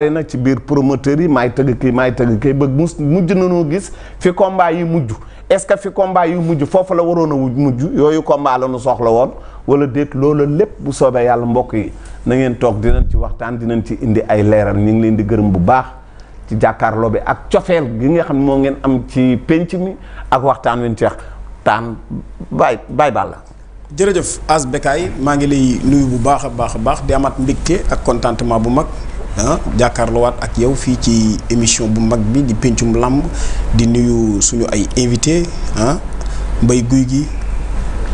da nag ci biir promoteur yi maay tëgg kii maay tëgg kii bëgg mus mujj nanoo gis fi combat yi mujj est-ce que fi combat yu mujj foofu la waroon a mujj yooyu combat la nu soxla woon wala déet loolu lépp bu soobee yàlla mbokk yi nangeen ngeen toog dinañ ci waxtaan dinañ ci indi ay leeral ñu ngi leen di gërëm bu baax ci jàkkaarloo bi ak cofeel gi nga xam ne moo ngeen am ci pénc mi ak waxtaan wi ñu ci waxtaan bay bay bàll la jërëjëf As maa ngi lay nuyu bu baax a baax a baax di amaat mbégte ak contentement bu mag ah jàkkaarloowaat ak yow fii ci émission bu mag bi di pencum làmb di nuyu suñu ay invité ah mbay guy gi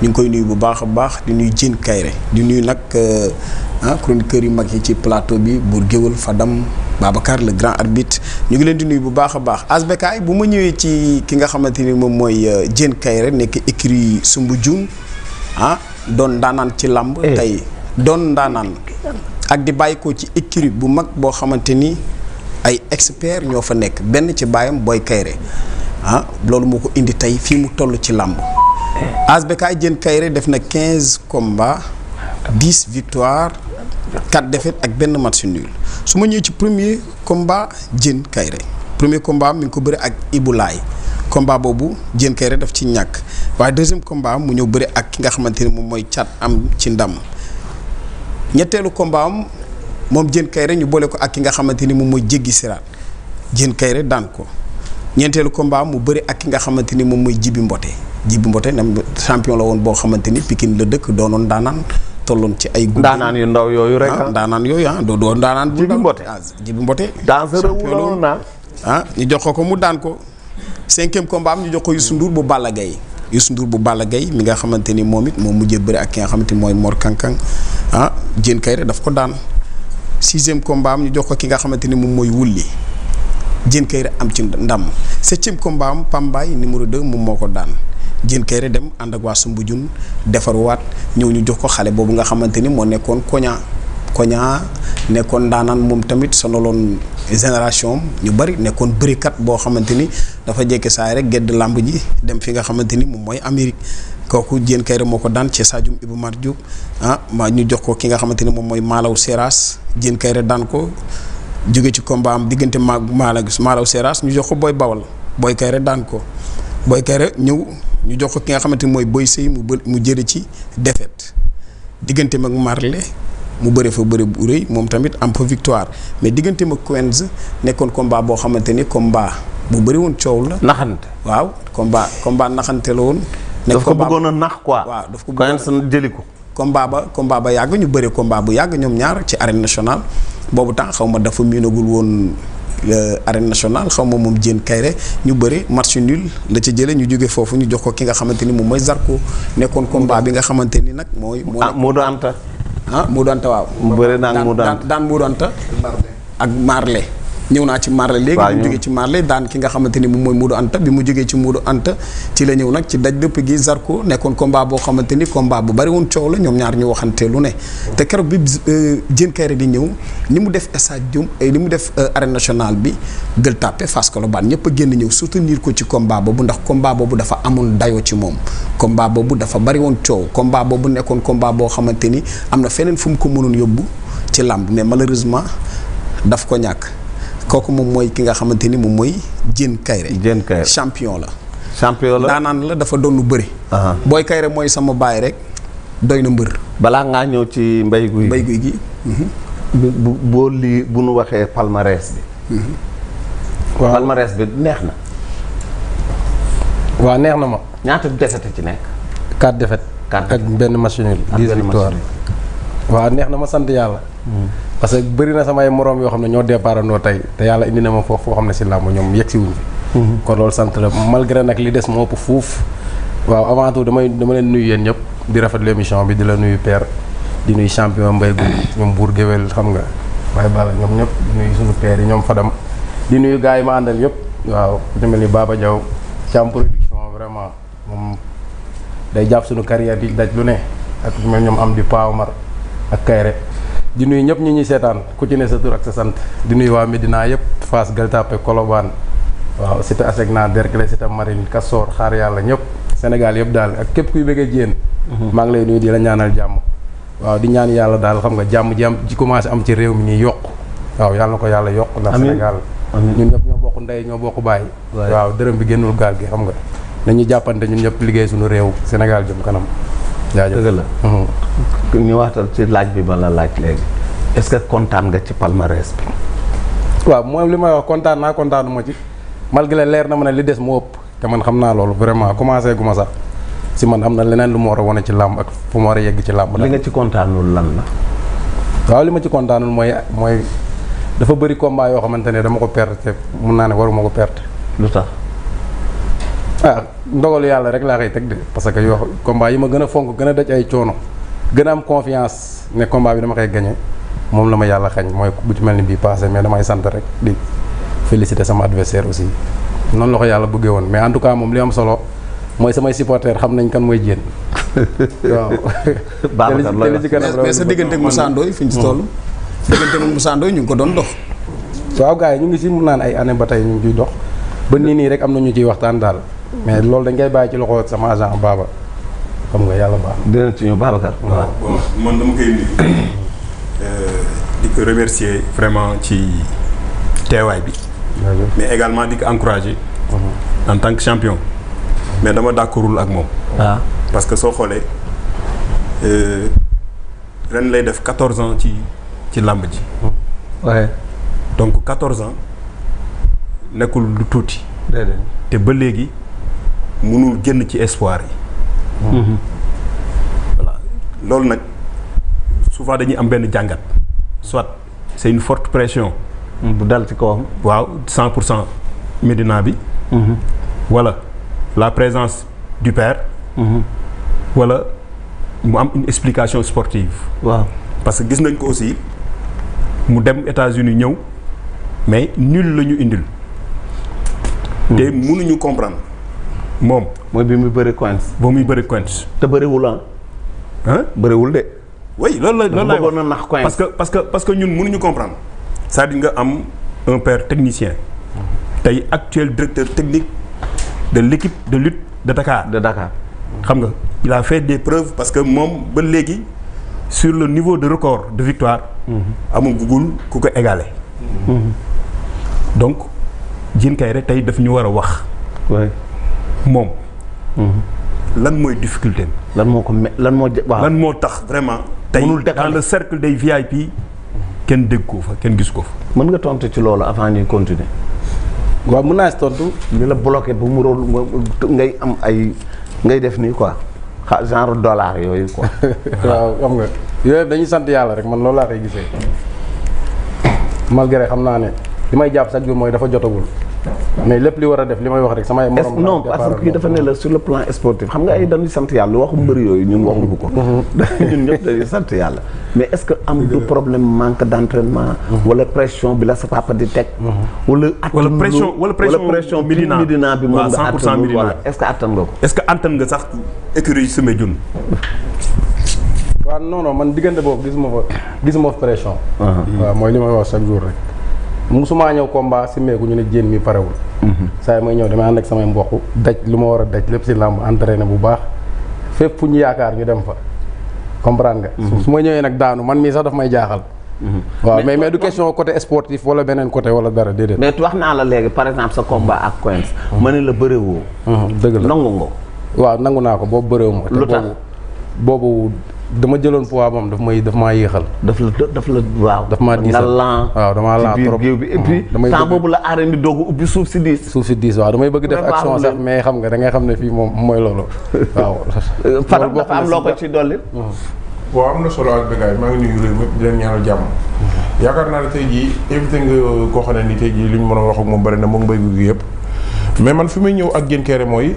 ñu ngi koy nuyu bu baax a baax di nuyu Diène Kaïré di nuyu nag euh, ah chroniqueur yu mag yi ci plateau bi Bour Géwël Fadam Babacar le grand arbitre ñu ngi leen di nuyu bu baax a baax asbekaay bu ma ñëwee ci ki nga xamante ni moom mooy euh, Diène Kaïré nekk écurie Soumbédioune ah doon ndaanaan ci làmb eh. tey doon ndaanaan ak di bàyyi ko ci écurie bu mag boo xamante ni ay expert ñoo fa nekk benn ci baayam booy Kayre ah loolu moo ko indi tey fii mu toll ci làmb eh. AS Bécaye Diène Kayre def na quinze combats dix victoires quatre défaites ak benn match nul su ma ñëwee ci premier combat jën Kayre premier combat mi ngi ko bëri ak Ibou Laye boobu jën Kayre daf ci ñàkk waaye deuxième combat mu ñëw bëri ak ki nga xamante ni moom mooy cat am ci ndàmm ñetteelu combat am moom Diène Kaïré ñu boole ko ak ki nga xamante ni moom mooy jéggi siraat Diène Kaïré daan ko ñeenteelu combat am mu bëri ak ki nga xamante ni moom mooy Jibi Mbote Jibi Mbote nam champion la woon boo xamante ni Pikine la dëkk doonoon daanaan tolloon ci ay. daanaan yu ndaw yooyu rek ah, ah. daanaan yooyu ah doo daanaan. Jibi Mbote ah Jibi Mbote. naa ah ñu jox ko mu daan ko. cinquième combat am ñu jox ko Youssou Ndour bu Balla Gaye Youssou Ndour bu Balla Gaye mi nga xamante ni moom it moom mujjee bëri ak ki nga xamante ni mooy Mor Kankang ah Diène Kairé daf ko daan sixième combat am ñu jox ko ki nga xamante ni moom mooy wulli jën Kairé am ci ndam septième combat am Pambaay numéro 2 moom moo ko daan Diène Kairé dem ànd ak waa Sumbujun defarwaat ñëw ñu jox ko xale boobu nga xamante ni moo nekkoon koña Koña nekkoon ndaanaan moom tamit sonaloon génération ñu bari nekkoon bërikat boo xamante ni dafa jekki saay rek gedd làmb ji dem fi nga xamante ni moom mooy Amérique kooku Diène Kaïré moo ko daan ci Sadium Iba Mar Diop ah ma ñu jox ko ki nga xamante ni moom mooy Malaw Seras Diène Kaïré daan ko jóge ci combat am diggante ma Malaw Malaw Seras ñu jox ko booy Bawal booy Kaïré daan ko booy Kaïré ñëw ñu jox ko ki nga xamante ni mooy Boy Sey mu mu jëre ci défaite diggante ak Marley mu bëre fa bëre bu rëy moom tamit am fa victoire mais diggante ma Quenz nekkoon combat boo xamante ni combat bu bëri woon coow la. naxante waaw combat combat naxante la woon. nekk daf ko bëggoon nax quoi. waaw daf ko bëggoon a jëli ko. combat ba combat ba yàgg ñu bëre combat bu yàgg ñoom ñaar ci arène national boobu temps xaw ma dafa miinagul woon euh, arène nationale xaw ma moom Diène Kairé ñu bëre match nul la ca jële ñu jóge foofu ñu jox ko ki nga xamante ni moom mooy Zarko nekkoon combat bi nga xamante ni nag mooy. moo ah, Modou Anta. ah mu donte waaw. mu bëre naa mu daan daan mu donte. ak marle. ñëw naa ci Marley léegi bi mu jógee ci Marley daan ki nga xamante ni moom mooy Moodu Anta bi mu jógee ci Moodu Anta ci la ñëw nag ci daj dëpp gi Zarko nekkoon komba boo xamante ni combat bu bari woon coow la ñoom ñaar ñu lu ne te keroog bi euh, Diène Kaïré di ñëw ni mu def stadium li euh, mu def euh, arène nationale bi Gueule Tapée Fass Colobane ñëpp a génn ñëw soutenir ko ci combat boobu ndax combat boobu dafa amoon dayoo ci moom combat boobu dafa bari woon coow combat boobu nekkoon combat boo xamante ni am na feneen fu mu ko mënoon yóbbu ci làmb mais malheureusement daf ko ñàkk kooku moom mooy ki nga xamante ni moom mooy Diène Kaïré Diène Kaïré champion la champion la daanaan la dafa doon lu bëri Boy Kaïré mooy sama baay rek doy na mbër balaa ngaa ñëw ci mbay guy gi mhm. bu boo bu nu waxee palmarès bi mhm. waaw palmarès bi neex na waa neex na ma ñaata défaite ci nekk defet défaites ak benn machine yi victoire waaw neex na ma sant yàlla parce que bëri na samay moroom yoo xam ne ñoo départandoo tey te yàlla indi na ma foofu foo xam ne si làmb ñoom yegg si wuñ fi mhm. kon loolu sant la malgré nag li des moo ëpp fuuf waaw avant tout damay dama leen nuyu yéen ñëpp di rafetlu émission bi di la nuyu père di nuyu champion Mbaye Gouye ñoom buur géwél xam nga waaye bala ñoom ñëpp di nuyu suñu père yi ñoom Fadam di nuyu gars yi ma àndal yëpp waaw ku ci mel ni Baba Diaw Thiam production vraiment moom day jàpp suñu carrière di daj lu ne ak ku mel ñoom am di Paa Omar ak di nuyu ñëpp ñi ñuy seetaan ku ci ne sa tur ak sa sant di nuyu waa Medina yëpp Fass Gueule Tapée Colobane waaw cité Asecna Derklé cité Marine Kassoor xaar yàlla ñëpp Sénégal yëpp daal ak képp kuy bëggee jiyéen mhm. maa ngi lay nuyu di la ñaanal jàmm waaw di ñaan yàlla daal xam nga jàmm ji am ci commencé am ci réew mi ñuy yokk waaw yàlla na ko yàlla yokk ndax Sénégal ñun ñëpp ñoo bokk ndey ñoo bokk bàyyi waaw dërëm bi génnul gaal gi xam nga nañu jàppante ñun ñëpp liggéey suñu réew Sénégal jëm kanam jaajëf ñu waxtal ci laaj bi ba la laaj léegi est-ce que kontaan nga ci palmarès bi. waaw mooy li may wax kontaan naa kontaanu ma ci malgré leer na ma ne li des moo ëpp te man xam naa loolu vraiment commencé gu ma sax si man am na leneen lu ma war a wane ci làmb ak fu ma war a yegg ci làmb. li nga ci kontaanul lan la. waaw li ma ci kontaanul mooy mooy dafa bëri combat yoo xamante ne dama ko perte mun naa ne waruma ko perte. lu tax. ah ndogalu yàlla rek laa koy teg de parce que yoo combat yi ma gën a fonk gën a daj ay coono. gën a am confiance ne combat bi dama kay gagné moom la ma yàlla xañ mooy bu ci mel ni bii passé mais damay sant rek di féliciter sama adversaire aussi noonu la ko yàlla bëggee woon mais en tout cas moom li am solo mooy samay supporters xam nañ kan mooy jéen waaw. baax na loolu mais sa diggante ak Moussa Ndoye fi ñu ci toll. Hmm. sa diggante ak Moussa Ndoye ñu ngi ko doon dox. waaw gars yi ñu ngi si mun naan ay année ba tey ñu ngi ciy dox ba nii nii rek am na ñu ciy waxtaan daal mais loolu dañ koy bàyyi ci loxo sama agent Baba. xam nga yàlla baax na. dinañ ci ñëw Babacar. waaw man dama koy nuyu. Euh, di ko remercier vraiment ci teewaay bi. mais également di ko encourager. Mhm. en tant que champion. mais dama d'accordul ak moom. waaw ah. parce que soo xoolee euh, ren lay def quatorze ans ci ci làmb ji. waaye mhm. donc quatorze ans nekkul lu tuuti. te ba léegi mënul génn ci espoir yi. voilà loolu nag souvent dañuy am benn jàngat soit c'est une forte pression. bu dal ci kawam. waaw cent pour cent Médina bi. Mhm. wala la présence du père. Mhm. wala mu am une explication sportive. waaw parce que gis nañ ko aussi mu dem États-Unis ñëw mais nul la ñu indil. Mhm. te mënuñu comprendre. moom. mooy bi muy bëri coins. ba muy bëri coins. te bëriwul ah. ah bëriwul de. oui loolu la loolu laay wax nax coins. parce que parce que parce que ñun mënuñu comprendre. cest à nga am un per technicien. tey actuel directeur technique de l'équipe de lutte de Dakar. de Dakar. xam nga il a fait des preuves parce que moom ba léegi sur le niveau de record de victoire. Mm-hmm. amul gugul ku ko égale mm-hmm. donc Diène Kaïré tey daf ñu war a wax. moom. Mhm. lan mooy difficulté lan moo ko me lan moo. waaw lan moo tax vraiment. tey dans le cercle des VIP kenn dégg ko fa kenn gis ko fa. mën nga tontu ci loolu avant ñuy continuer. waaw mën naa si tontu. ñu la bloqué bu mu rool ngay am ay ngay def nii quoi xa genre dollar yooyu quoi. waaw xam nga yooyu dañuy sant yàlla rek man loolu laa koy gisee malgré xam naa ne li may jàpp chaque bi mooy dafa jotagul. mais lépp li war a def li may wax rek samay morom non parce que dafa ne la sur le plan sportif xam nga ay dañuy sant yàlla lu waxu mbër yooyu ñun waxuñu ko mhm. ñun ñëpp dañuy sant yàlla mais est am du problème manque d'entraînement mhm. wala pression bi la sa papa di teg mhm. wala wala pression wala pression Médina bi moom nga attan wala est-ce que attan nga ko est-ce que attan nga sax écurie sumé jun waaw non man diggante boobu gis gisuma fa gisuma fa pression uh-huh. waaw mooy li may wax chaque jour rek musumaa ñëw combat si meeku ñu ne jéen mi parewul mhm. saa yi may ñëw damay ànd ak samay mboq daj lu ma war a daj lépp si làmb entraîné bu baax fépp fu ñu yaakaar ñu dem fa comprendre nga mhm. su ma ñëwee nag daanu man mii sax daf may jaaxal mhm. waaw mais mais du question côté sportif wala beneen côté wala dara déedéet mais wax naa la léegi par exemple sa combat ak Quench ma ne la bëréwoo dëgg la nangu nga waaw nangu naa ko boobu bëréewu ma lu tax boobu dama jëloon poids moom daf may daf maa yéexal. daf la daf la waaw. daf maa diisal waaw damaa lan trop ci biir géew bi et boobu la aaree di doog ubbi si diis. suuf si diis waaw damay bëgg def action sax mais xam nga da ngay xam ne fii moom mooy loolu waaw. Euh, Fadam dafa am loo ko ci maa ngi nuyu réew mi di naa ne tey jii invité nga koo xam ne ni tey jii li a wax ak moom bari na moom mbéy gi yëpp mais man fi may ñëw ak Diène Kairé mooy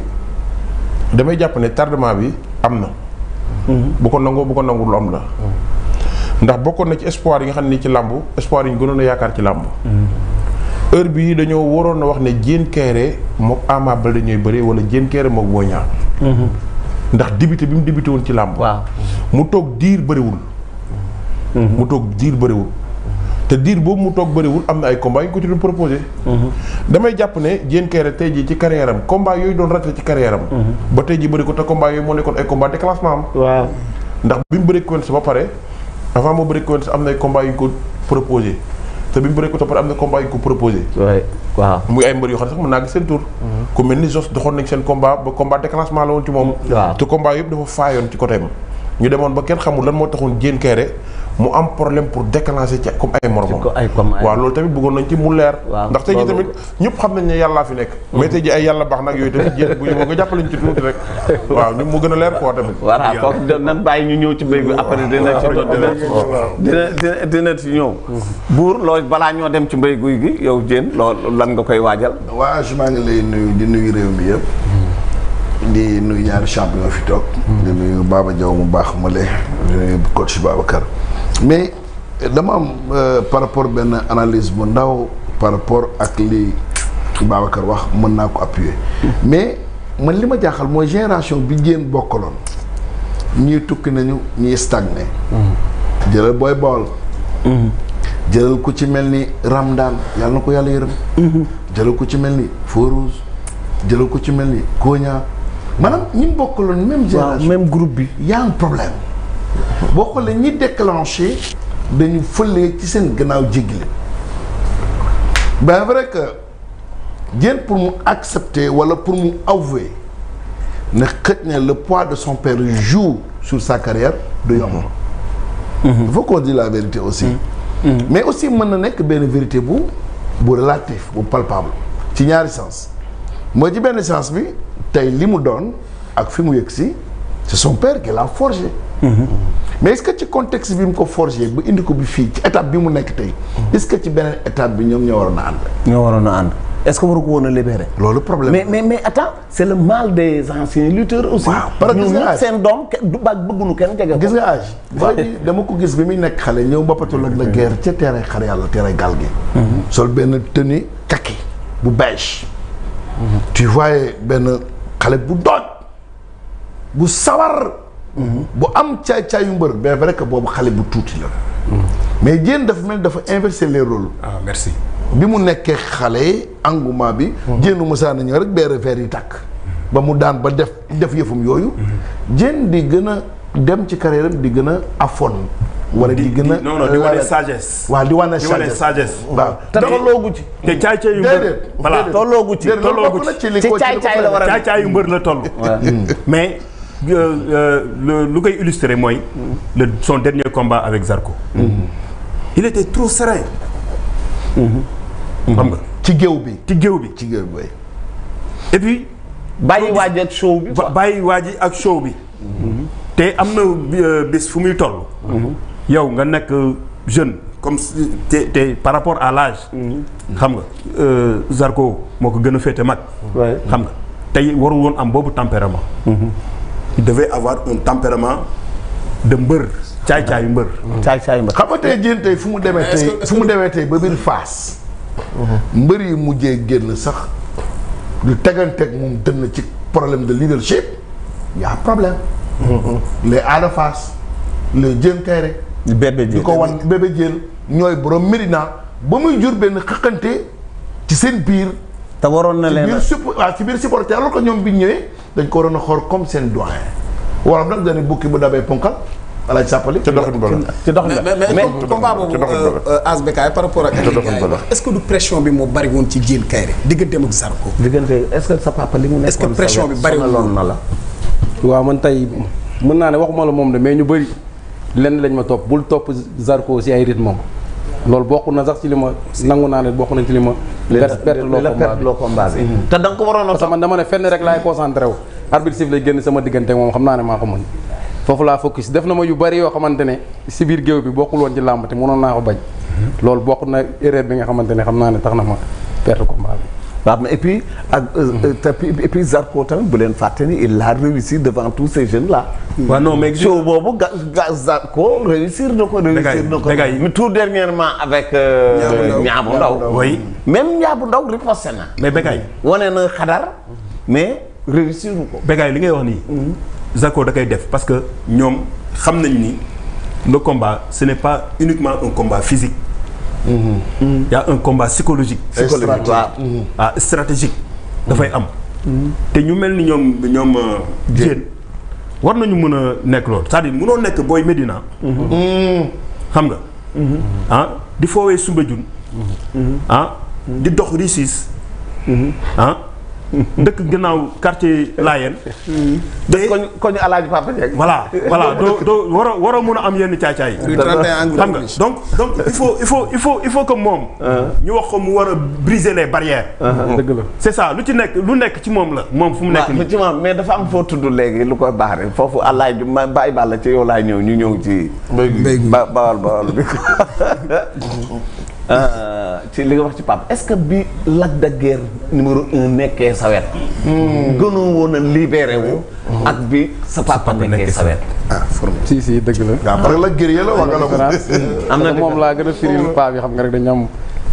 damay jàpp ne tardement bi am na bu ko nangoo bu ko nangul lu la ndax bokkoon na ci espoir yi nga xam ne ci làmb espoir yi ñu gënoon a yaakaar ci làmb heure bii dañoo waroon a wax ne Diène Kairé mook amaa Baldé ñooy bëree wala Diène Kairé mook Boy ndax débuté bi mu débuté woon ci làmb mu toog diir bëriwul mm-hmm. mu toog diir bëriwul te diir boobu mu toog bëriwul am na ay combat yu ko ci mhm. jàpp ne Diène Kairé tey jii ci carrière am combat yooyu doon raté ci carrière mhm. ba tey jii bëri ko te combat yooyu moo nekkoon ay combat de classement am. waaw ndax bi mu bëri ko woon si ba pare avant am na ay combat yu ko proposé te bi mu bëri ko toppatoo yoo xam ne sax mën naa gis seen tour mhm. ku mel ni Jos doxoon nañ seen combat ba combat de classement la woon ci moom. waaw te combat yëpp dafa faayoon ci côté am ñu demoon ba kenn xamul lan moo taxoon Diène Kairé mu am problème pour déclencher ci comme ay moromam waaw loolu tamit bëggoon nañ ci mu leer ndax tey ji tamit ñëpp xam nañ ne yàllaa fi nekk mais tey ay yàlla baax nag yooyu tamit jéem bu yóboo nga jàppalañ ci tuuti rek waaw ñu mu gën a leer koo tamit voilà kooku bàyyi ñu ñëw ci béy bi après dina ci dina dina dina ci ñëw buur loolu balaa ñoo dem ci mbéy guy gi yow jéen loolu lan nga koy waajal waaw je maa ngi lay nuyu di réew mi yëpp di nuyu ñaari champion fi toog di nuyu Baba Diaw mu baax ma le di nuyu coach Babacar mais dama am euh, par rapport benn analyse bu ndaw par rapport ak li Babacar wax mën naa ko appuyer mais man li ma jaaxal mooy génération bi ngeen bokkaloon ñii tukki nañu ñii stagné. jëlal booy bool. jëlal ku ci mel ni Ramdan yàlla na ko yàlla yërëm. jëlal ko ci mel ni Fourouz jëlal ko ci mel ni Koña maanaam ñi bokkaloon même génération même group bi y problème. boo xoolee ñi déclanché dañu fëlee ci seen gannaaw jéggi leen bien vrai que Diène pour mu accepte wala pour mu avouer ne xëj na le poids de son père joue sur sa carrière du yomb. Mhm. Mhm. il faut qu'on dise la vérité aussi. Mhm. mais aussi mën na nekk benn vérité bu bu relatif bu palpable ci ñaari sens mooy ci benn sens bi tey li mu doon ak fi mu yëg si c'est son père qui l'a forgé. mais est-ce que ci context bi mu ko forger ba indi ko bi fii ci étape bi mu nekk tey. est que ci beneen étape bi ñoom ñoo waroon a ànd. ñoo waroon a ànd est-ce que waru ko woon a libéré. loolu problème mais mais mais attends c'est le mal des anciens lutteurs aussi. waaw parce que gis seen doom du ba kenn jege gis nga âge. booy dama ko gis bi muy nekk xale ñëw mbappatul ak la mm-hmm. guerre ca terrain xar yàlla terrain gaal gi. Mm-hmm. sol benn tenue kaki bu beige. Mm-hmm. tu vois benn xale bu dooj bu sawar. bu am caay yu mbër mais vrai que boobu xale bu tuuti la. mais jéen dafa mel dafa inverser les rôles. ah merci. bi mu nekkee xale engouement bi. jéenu hmm. musaana ñëw rek beere verre yi tàkk. ba mu daan ba def def yëfum yooyu. jéen hmm. di gën a dem ci carrière am di gën a afoon. wala di gën a non non di wane euh, sagesse. waaw di wane sagesse waaw te tolloogu ci. te caay caay yu mbër ci. tolloogu ci ci caay caay la war a caay caay yu mbër la toll. mais. Euh, euh, lu koy illustrer mooy. le son dernier combat avec Zarco. Mm-hmm. il était trop serein. Mm-hmm. xam nga ci géew bi ci géew bi. ci géew bi et bàyyi waa ji ak show bi bàyyi waa ji ak soow bi. Mm-hmm. te am na euh, bis fu muy toll. yow nga nekk jeune comme te te par rapport à lage xam nga Zarco moo ko gën a féete mag. xam nga tey waru woon am boobu tempérament. il devait avoir un tempérament de mbër. caay caayu mbër. caay caayu mbër xam jën tey fu mu demee tey fu mu demee tey ba biir faas. mbër yi mujjee génn sax lu teganteeg moom na ci problème de leadership y a problème. les Ada Fass les Diène Kaïré bébé Diène di ko wan bébé Diène ñooy borom Médina ba muy jur benn xëqante ci seen biir. te waroon na leen ci ah, ci biir supporter alors que ñoom bi ñëwee. dañ ko waroon a xool comme seen doyen wolof nag dañuy bukki bu dabee punkal alaaj sàppali ci doxin ci doxin ba la mais combat boobu euh, asbekaay par rapport ak bi moo bari woon ci Diène Kaïré digganteem ak que sa papa li mu nekk est-ce que pression bi bari la waaw man tey mën naa ne waxuma la moom de mais ñu bëri lenn lañ ma topp bul topp Zarko si ay rythme loolu bokk na sax ci li ma nangu naa ne bokk na ci li ma. perte loo combat bi mm-hmm. te da ko waroon a. man dama ne fenn rek laay concentré wu. arbitre siffle lay génn sama diggante moom xam naa ne maa ko mën foofu laa focus def na ma yu bari yoo xamante ne si biir géew bi bokkul woon ci làmb te mënoon naa ko bañ. Mm-hmm. loolu bokk na erreur bi nga xamante ne xam naa ne tax na ma perte combat. waaw mais et puis ak. Euh, euh, hmm. et puis leen fàtte ni il a réussi devant tous ces jeunes là. waaw non mais show boobu ga ga tout dernièrement avec. Niabou euh, Ndaw oui même Niabou Ndaw riposté na. mais Bécaye. wane na xadar mais réussir na ko. Bécaye li ngay wax nii. Hmm. Zarko da def parce que ñoom xam nañ ni le combat ce n'est pas uniquement un combat physique. Mm-hmm. y a un combat psychologique. psychologique mm-hmm. ah stratégique. dafay am. Mm-hmm. te ñu mel ni ñoom ñoom jéen euh, war nañu mën a nekk loolu c'est-à-dire mënoo nekk booy Medina. xam nga. Ah, di foowee Soumbédioune. ah di dox Ricis. ah. dëkk gannaaw quartier Layeen. Mm. dëkk koñ koñ alaaji Papa Dieng. voilà voilà doo doo waroo waroo mun a am yenn caacaay yi. xam nga donc donc il faut il faut il faut il faut que moom. Uh-huh. ñu wax ko mu war a briser les barrières. Uh-huh. dëgg la c'est ça lu ci nekk lu nekk ci moom la moom fu mu nekk nii. ci moom mais dafa am foo tudd léegi lu ko baax rek foofu alaaji ma bàyyi bàll ci yow laay ñëw ñu ñëw ci. mbéy ba bawal bawal bi. Euh, ci li nga wax ci Pape est-ce que bi Lac de Guiers numéro un nekkee sawet wet. Hmm. gënoon woon a libéré wu. Hmm. ak bi sa a nekkee sa wet. ah si si dëgg la. waaw ah, parce que Lac Guiers la wax nga la am na moom laa gën a firil oh. Pape yi xam nga rek dañu am.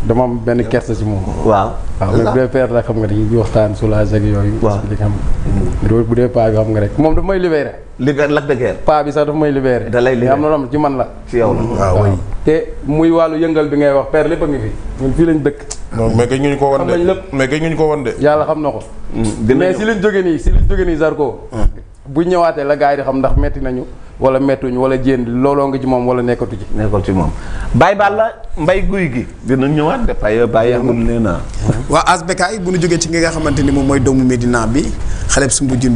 dama am benn kersa ci moom. waaw waaw bu dee père la xam nga dañuy waxtaan soulage ak yooyu. waaw li nga xam hmm. bu dee paa bi xam nga rek moom dafa may libéré. libéré Lac de Guiers. paa bi sax dafa may libéré. da lay libéré am na loo ci man la. ci yow la hmm, ah waaw te muy wàllu yëngal bi ngay wax père lépp a ngi fi ñun fii lañ dëkk. non mais gëj ñu ko won de mais gëj ñu ko won de. yàlla xam na ko. Hmm, mais si liñ jógee nii si liñ jógee nii Zarko. bu ñëwaatee la gars yi di xam ndax metti nañu wala mettuñu wala jéen looloo nga ci moom wala nekkatu ci. nekkatu ci moom baay Baye la mbay guy gi dina ñëwaat de Baye Baye amul nee naa. waa Asbekaay bu ñu jógee ci nga xamante ni moom mooy doomu Medina bi xale bu